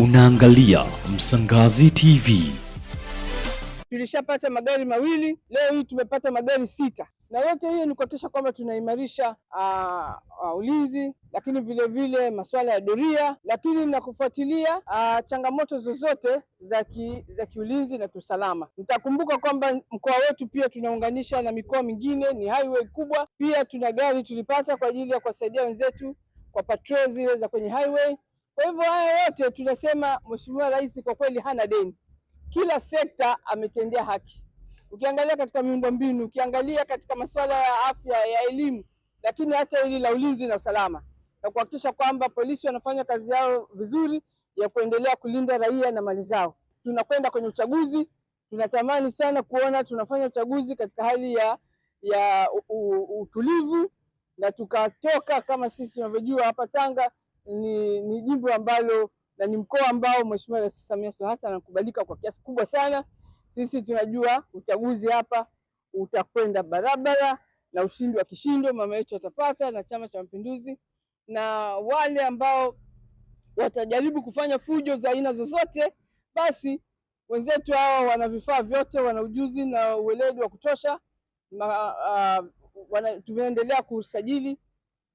Unaangalia Msangazi TV. Tulishapata magari mawili, leo hii tumepata magari sita, na yote hiyo ni kuhakikisha kwamba tunaimarisha ah, ah, ulinzi, lakini vilevile masuala ya doria, lakini na kufuatilia ah, changamoto zozote za ki, za kiulinzi na kiusalama. Mtakumbuka kwamba mkoa wetu pia tunaunganisha na mikoa mingine, ni highway kubwa. Pia tuna gari tulipata kwa ajili ya kuwasaidia wenzetu kwa patrol zile za kwenye highway kwa hivyo haya yote tunasema Mheshimiwa Rais kwa kweli hana deni, kila sekta ametendea haki. Ukiangalia katika miundombinu, ukiangalia katika masuala ya afya, ya elimu, lakini hata hili la ulinzi na usalama na kuhakikisha kwamba polisi wanafanya kazi yao vizuri ya kuendelea kulinda raia na mali zao. Tunakwenda kwenye uchaguzi, tunatamani sana kuona tunafanya uchaguzi katika hali ya ya utulivu na tukatoka kama sisi tunavyojua hapa Tanga ni, ni jimbo ambalo na ni mkoa ambao Mheshimiwa Rais Samia Suluhu Hassan anakubalika kwa kiasi kubwa sana. Sisi tunajua uchaguzi hapa utakwenda barabara na ushindi wa kishindo mama yetu atapata na Chama cha Mapinduzi, na wale ambao watajaribu kufanya fujo za aina zozote, basi wenzetu hao wana vifaa vyote, wana ujuzi na ueledi wa kutosha. Ah, tumeendelea kusajili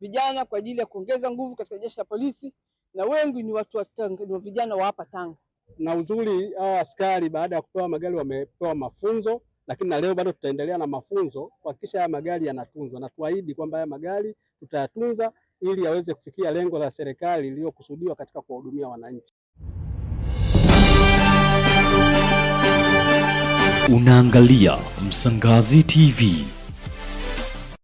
vijana kwa ajili ya kuongeza nguvu katika jeshi la polisi, na wengi ni watu wa Tanga, ni vijana wa hapa Tanga. Na uzuri hawa askari baada ya kupewa magari wamepewa mafunzo, lakini na leo bado tutaendelea na mafunzo kuhakikisha haya magari yanatunzwa, na tuahidi kwamba haya magari tutayatunza ili yaweze kufikia lengo la serikali iliyokusudiwa katika kuwahudumia wananchi. Unaangalia Msangazi TV.